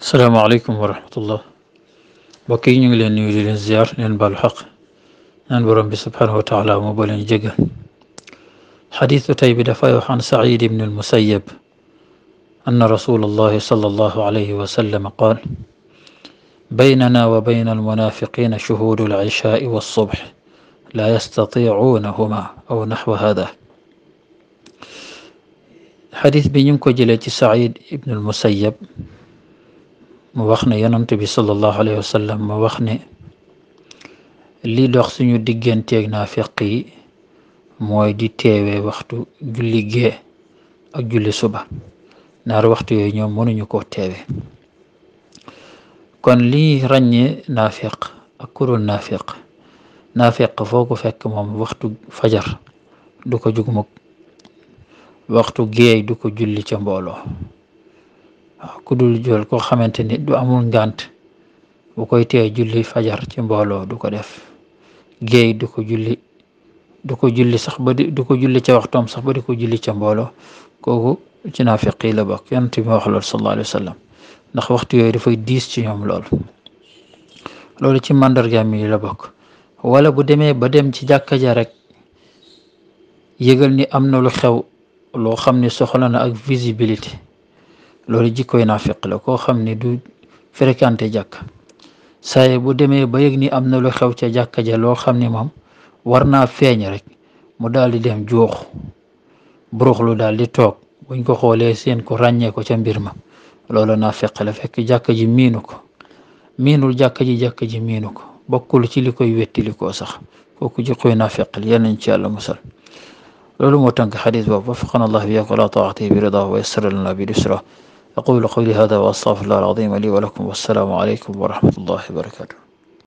السلام عليكم ورحمة الله بكين يقول أن يجي للزيار أن بالحق أن برمي سبحانه وتعالى مبالا جيجا حديث تيب دفع عن سعيد بن المسيب أن رسول الله صلى الله عليه وسلم قال بيننا وبين المنافقين شهود العشاء والصبح لا يستطيعونهما أو نحو هذا حديث بن يمكو سعيد بن المسيب mu wax ne yonent bi sallallahu alayhi wa sallam mu wax ne li dox suñu digganteeg naafiq yi mooy di teewe waxtu julli gee ak julli suba naar waxtu yooyu ñoom mënuñu koo teewee kon lii ràññee naafiq ak kurul naafiq naafiq foo ko fekk moom waxtu fajar du ko jug waxtu géey du ko julli ca mbooloo ku dul jol koo xamante ni du amul ngànt bu koy tee julli fajar ci mbooloo du ko def géey du ko julli du ko julli sax ba di ko julli ca waxtoom sax ba di julli ca mbooloo kooku ci naafiq yi la bokk yonent bi wax loolu sallallahu alayhi wa ndax waxtu yooyu dafay diis ci ñoom lool loolu ci màndargaam yi la bokk wala bu demee ba dem ci jàkka ja rek yëgal ni am na lu xew loo xam ne soxla na ak visibilité loolu jikko jikkoy naafiq la koo xam ne du fréquenté jàkka saaye bu demee ba yëg ni am na lu xew ca jàkka loo xam ne moom war naa feeñ rek mu daal di dem joox burux lu daal di toog buñ ko xoolee seen ko ràññee ko ca mbir ma loolu naafiq la fekk jàkka ji miinu ko miinul jàkka ji jàkka ji miinu ko bokkul ci li koy wettili koo sax kooku jikkoy naafiq la yal nañ ci yàlla musal loolu moo tan xadis boobu wafaqana allah biyak ala taatihi bi ridah wa yassara lana bi أقول قولي هذا وأستغفر الله العظيم لي ولكم والسلام عليكم ورحمة الله وبركاته